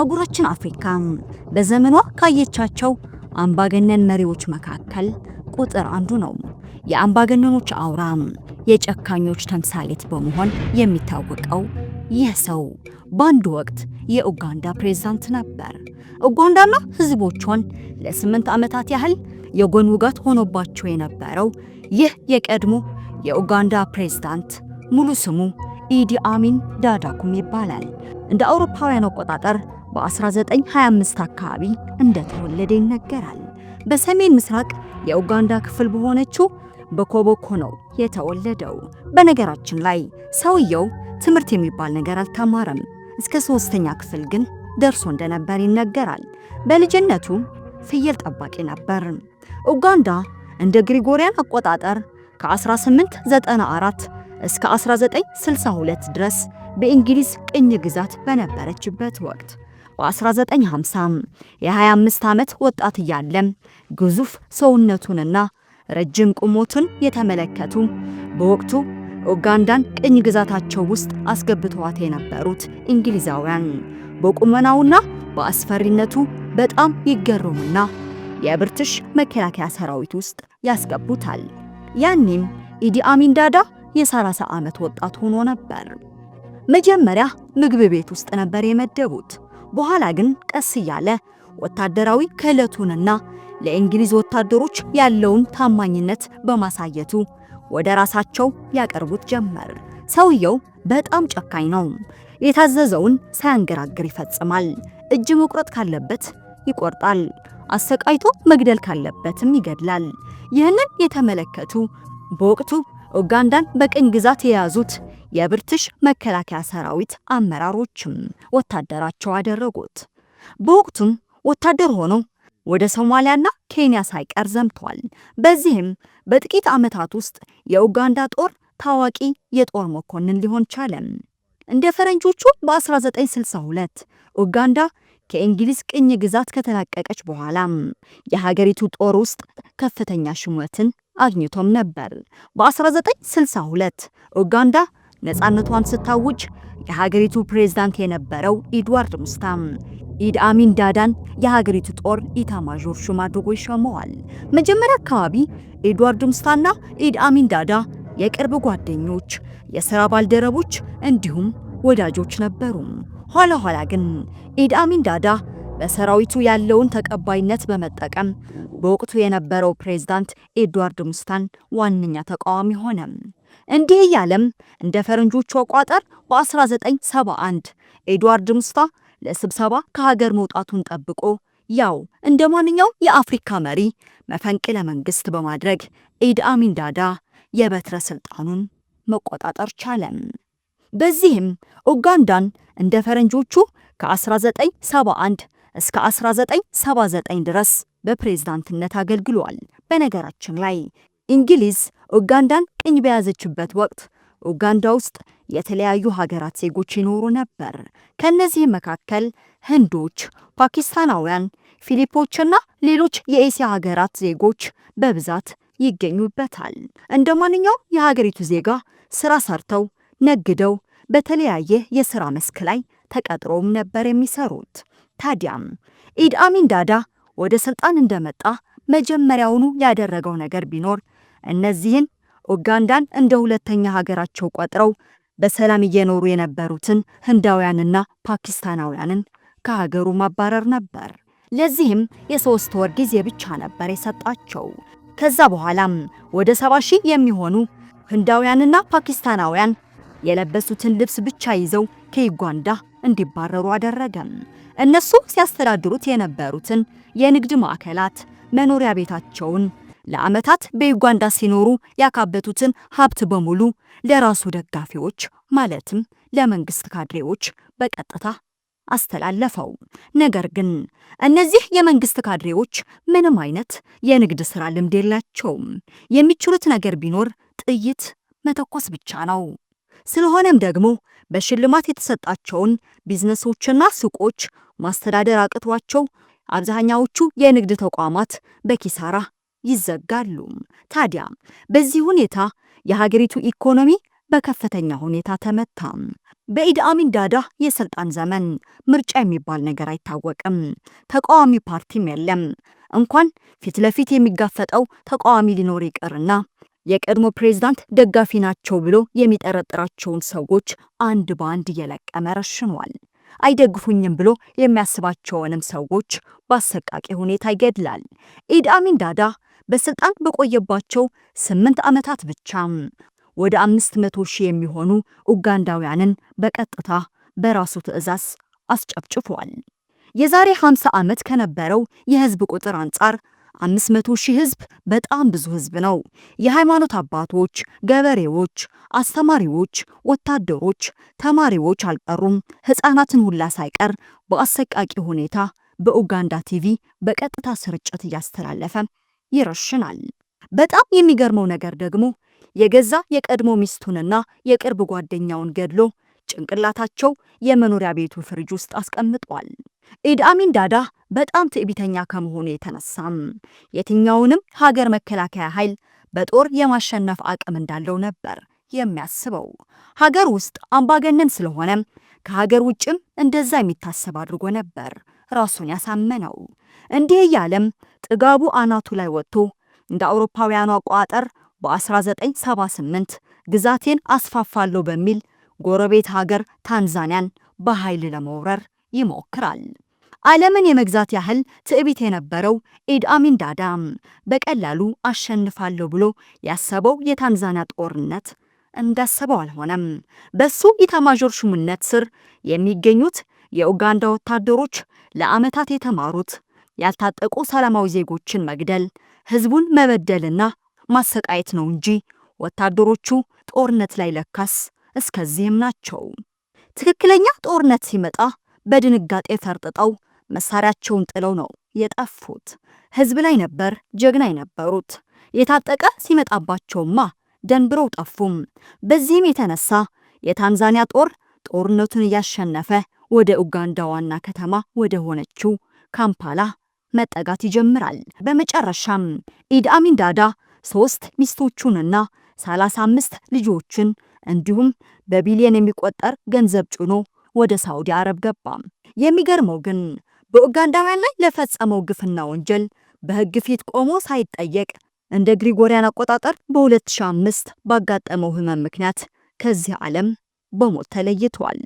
አህጉራችን አፍሪካ በዘመኗ ካየቻቸው አምባገነን መሪዎች መካከል ቁጥር አንዱ ነው። የአምባገነኖች አውራ፣ የጨካኞች ተምሳሌት በመሆን የሚታወቀው ይህ ሰው በአንድ ወቅት የኡጋንዳ ፕሬዝዳንት ነበር። ኡጋንዳና ህዝቦቿን ለስምንት ዓመታት ያህል የጎን ውጋት ሆኖባቸው የነበረው ይህ የቀድሞ የኡጋንዳ ፕሬዝዳንት ሙሉ ስሙ ኢዲ አሚን ዳዳኩም ይባላል። እንደ አውሮፓውያን አቆጣጠር በ1925 አካባቢ እንደተወለደ ይነገራል። በሰሜን ምስራቅ የኡጋንዳ ክፍል በሆነችው በኮቦኮ ነው የተወለደው። በነገራችን ላይ ሰውየው ትምህርት የሚባል ነገር አልተማረም። እስከ ሶስተኛ ክፍል ግን ደርሶ እንደነበር ይነገራል። በልጅነቱ ፍየል ጠባቂ ነበር። ኡጋንዳ እንደ ግሪጎሪያን አቆጣጠር ከ1894 እስከ 1962 ድረስ በእንግሊዝ ቅኝ ግዛት በነበረችበት ወቅት በ1950 የ25 ዓመት ወጣት እያለም ግዙፍ ሰውነቱንና ረጅም ቁሞቱን የተመለከቱ በወቅቱ ኡጋንዳን ቅኝ ግዛታቸው ውስጥ አስገብተዋት የነበሩት እንግሊዛውያን በቁመናውና በአስፈሪነቱ በጣም ይገረሙና የብርትሽ መከላከያ ሰራዊት ውስጥ ያስገቡታል። ያኔም ኢዲ አሚን ዳዳ የ30 ዓመት ወጣት ሆኖ ነበር። መጀመሪያ ምግብ ቤት ውስጥ ነበር የመደቡት። በኋላ ግን ቀስ እያለ ወታደራዊ ክህለቱንና ለእንግሊዝ ወታደሮች ያለውን ታማኝነት በማሳየቱ ወደ ራሳቸው ያቀርቡት ጀመር። ሰውየው በጣም ጨካኝ ነው። የታዘዘውን ሳያንገራግር ይፈጽማል። እጅ መቁረጥ ካለበት ይቆርጣል። አሰቃይቶ መግደል ካለበትም ይገድላል። ይህንን የተመለከቱ በወቅቱ ኡጋንዳን በቅኝ ግዛት የያዙት የብርትሽ መከላከያ ሰራዊት አመራሮችም ወታደራቸው አደረጉት። በወቅቱም ወታደር ሆነው ወደ ሶማሊያና ኬንያ ሳይቀር ዘምቷል። በዚህም በጥቂት ዓመታት ውስጥ የኡጋንዳ ጦር ታዋቂ የጦር መኮንን ሊሆን ቻለ። እንደ ፈረንጆቹ በ1962 ኡጋንዳ ከእንግሊዝ ቅኝ ግዛት ከተላቀቀች በኋላ የሀገሪቱ ጦር ውስጥ ከፍተኛ ሹመትን አግኝቶም ነበር። በ1962 ኡጋንዳ ነፃነቷን ስታውጅ የሀገሪቱ ፕሬዝዳንት የነበረው ኢድዋርድ ሙስታም ኢድ አሚን ዳዳን የሀገሪቱ ጦር ኢታማዦር ሹም አድርጎ ይሾመዋል። መጀመሪያ አካባቢ ኢድዋርድ ሙስታና ኢድ አሚን ዳዳ የቅርብ ጓደኞች፣ የሥራ ባልደረቦች እንዲሁም ወዳጆች ነበሩ። ኋላ ኋላ ግን ኢድ አሚን ዳዳ በሰራዊቱ ያለውን ተቀባይነት በመጠቀም በወቅቱ የነበረው ፕሬዝዳንት ኤድዋርድ ሙስታን ዋነኛ ተቃዋሚ ሆነም እንዲህ እያለም እንደ ፈረንጆቹ አቋጠር በ1971 ኤድዋርድ ሙስታ ለስብሰባ ከሀገር መውጣቱን ጠብቆ ያው እንደ ማንኛውም የአፍሪካ መሪ መፈንቅለ መንግስት በማድረግ ኢድ አሚን ዳዳ የበትረ ስልጣኑን መቆጣጠር ቻለም። በዚህም ኡጋንዳን እንደ ፈረንጆቹ ከ1971 እስከ 1979 ድረስ በፕሬዝዳንትነት አገልግሏል። በነገራችን ላይ እንግሊዝ ኡጋንዳን ቅኝ በያዘችበት ወቅት ኡጋንዳ ውስጥ የተለያዩ ሀገራት ዜጎች ይኖሩ ነበር። ከእነዚህ መካከል ህንዶች፣ ፓኪስታናውያን፣ ፊሊፖችና ሌሎች የኤስያ ሀገራት ዜጎች በብዛት ይገኙበታል። እንደ ማንኛውም የሀገሪቱ ዜጋ ስራ ሰርተው ነግደው በተለያየ የስራ መስክ ላይ ተቀጥሮም ነበር የሚሰሩት። ታዲያም ኢድ አሚን ዳዳ ወደ ስልጣን እንደመጣ መጀመሪያውኑ ያደረገው ነገር ቢኖር እነዚህን ኡጋንዳን እንደ ሁለተኛ ሀገራቸው ቆጥረው በሰላም እየኖሩ የነበሩትን ህንዳውያንና ፓኪስታናውያንን ከሀገሩ ማባረር ነበር። ለዚህም የሶስት ወር ጊዜ ብቻ ነበር የሰጣቸው። ከዛ በኋላም ወደ ሰባ ሺህ የሚሆኑ ህንዳውያንና ፓኪስታናውያን የለበሱትን ልብስ ብቻ ይዘው ከዩጋንዳ እንዲባረሩ አደረገም። እነሱ ሲያስተዳድሩት የነበሩትን የንግድ ማዕከላት፣ መኖሪያ ቤታቸውን ለዓመታት በዩጋንዳ ሲኖሩ ያካበቱትን ሀብት በሙሉ ለራሱ ደጋፊዎች ማለትም ለመንግስት ካድሬዎች በቀጥታ አስተላለፈው። ነገር ግን እነዚህ የመንግስት ካድሬዎች ምንም አይነት የንግድ ስራ ልምድ የላቸውም። የሚችሉት ነገር ቢኖር ጥይት መተኮስ ብቻ ነው። ስለሆነም ደግሞ በሽልማት የተሰጣቸውን ቢዝነሶችና ሱቆች ማስተዳደር አቅቷቸው አብዛኛዎቹ የንግድ ተቋማት በኪሳራ ይዘጋሉ። ታዲያ በዚህ ሁኔታ የሀገሪቱ ኢኮኖሚ በከፍተኛ ሁኔታ ተመታ። በኢድ አሚን ዳዳ የስልጣን ዘመን ምርጫ የሚባል ነገር አይታወቅም። ተቃዋሚ ፓርቲም የለም። እንኳን ፊት ለፊት የሚጋፈጠው ተቃዋሚ ሊኖር ይቅርና የቀድሞ ፕሬዝዳንት ደጋፊ ናቸው ብሎ የሚጠረጥራቸውን ሰዎች አንድ በአንድ እየለቀመ ረሽኗል። አይደግፉኝም ብሎ የሚያስባቸውንም ሰዎች በአሰቃቂ ሁኔታ ይገድላል። ኢድ አሚን ዳዳ በስልጣን በቆየባቸው ስምንት ዓመታት ብቻ ወደ አምስት መቶ ሺህ የሚሆኑ ኡጋንዳውያንን በቀጥታ በራሱ ትዕዛዝ አስጨፍጭፏል። የዛሬ 50 ዓመት ከነበረው የህዝብ ቁጥር አንጻር 500 ሺህ ህዝብ በጣም ብዙ ህዝብ ነው። የሃይማኖት አባቶች፣ ገበሬዎች፣ አስተማሪዎች፣ ወታደሮች፣ ተማሪዎች አልቀሩም። ህፃናትን ሁላ ሳይቀር በአሰቃቂ ሁኔታ በኡጋንዳ ቲቪ በቀጥታ ስርጭት እያስተላለፈ ይረሽናል። በጣም የሚገርመው ነገር ደግሞ የገዛ የቀድሞ ሚስቱንና የቅርብ ጓደኛውን ገድሎ ጭንቅላታቸው የመኖሪያ ቤቱ ፍርጅ ውስጥ አስቀምጧል። ኢድ አሚን ዳዳ በጣም ትዕቢተኛ ከመሆኑ የተነሳም የትኛውንም ሀገር መከላከያ ኃይል በጦር የማሸነፍ አቅም እንዳለው ነበር የሚያስበው። ሀገር ውስጥ አምባገነን ስለሆነ ከሀገር ውጭም እንደዛ የሚታሰብ አድርጎ ነበር ራሱን ያሳመነው። እንዲህ እያለም ጥጋቡ አናቱ ላይ ወጥቶ እንደ አውሮፓውያኑ አቆጣጠር በ1978 ግዛቴን አስፋፋለሁ በሚል ጎረቤት ሀገር ታንዛኒያን በኃይል ለመውረር ይሞክራል። ዓለምን የመግዛት ያህል ትዕቢት የነበረው ኢድ አሚን ዳዳ በቀላሉ አሸንፋለሁ ብሎ ያሰበው የታንዛኒያ ጦርነት እንዳሰበው አልሆነም። በሱ ኢታማዦር ሹምነት ስር የሚገኙት የኡጋንዳ ወታደሮች ለዓመታት የተማሩት ያልታጠቁ ሰላማዊ ዜጎችን መግደል፣ ህዝቡን መበደልና ማሰቃየት ነው እንጂ ወታደሮቹ ጦርነት ላይ ለካስ እስከዚህም ናቸው። ትክክለኛ ጦርነት ሲመጣ በድንጋጤ ፈርጥጠው መሳሪያቸውን ጥለው ነው የጠፉት። ህዝብ ላይ ነበር ጀግና የነበሩት። የታጠቀ ሲመጣባቸውማ ደንብረው ጠፉም። በዚህም የተነሳ የታንዛኒያ ጦር ጦርነቱን እያሸነፈ ወደ ኡጋንዳ ዋና ከተማ ወደ ሆነችው ካምፓላ መጠጋት ይጀምራል። በመጨረሻም ኢድ አሚን ዳዳ ሶስት ሚስቶቹንና 35 ልጆችን እንዲሁም በቢሊየን የሚቆጠር ገንዘብ ጭኖ ወደ ሳውዲ አረብ ገባ። የሚገርመው ግን በኡጋንዳውያን ላይ ለፈጸመው ግፍና ወንጀል በሕግ ፊት ቆሞ ሳይጠየቅ እንደ ግሪጎሪያን አቆጣጠር በ2005 ባጋጠመው ህመም ምክንያት ከዚህ ዓለም በሞት ተለይቷል።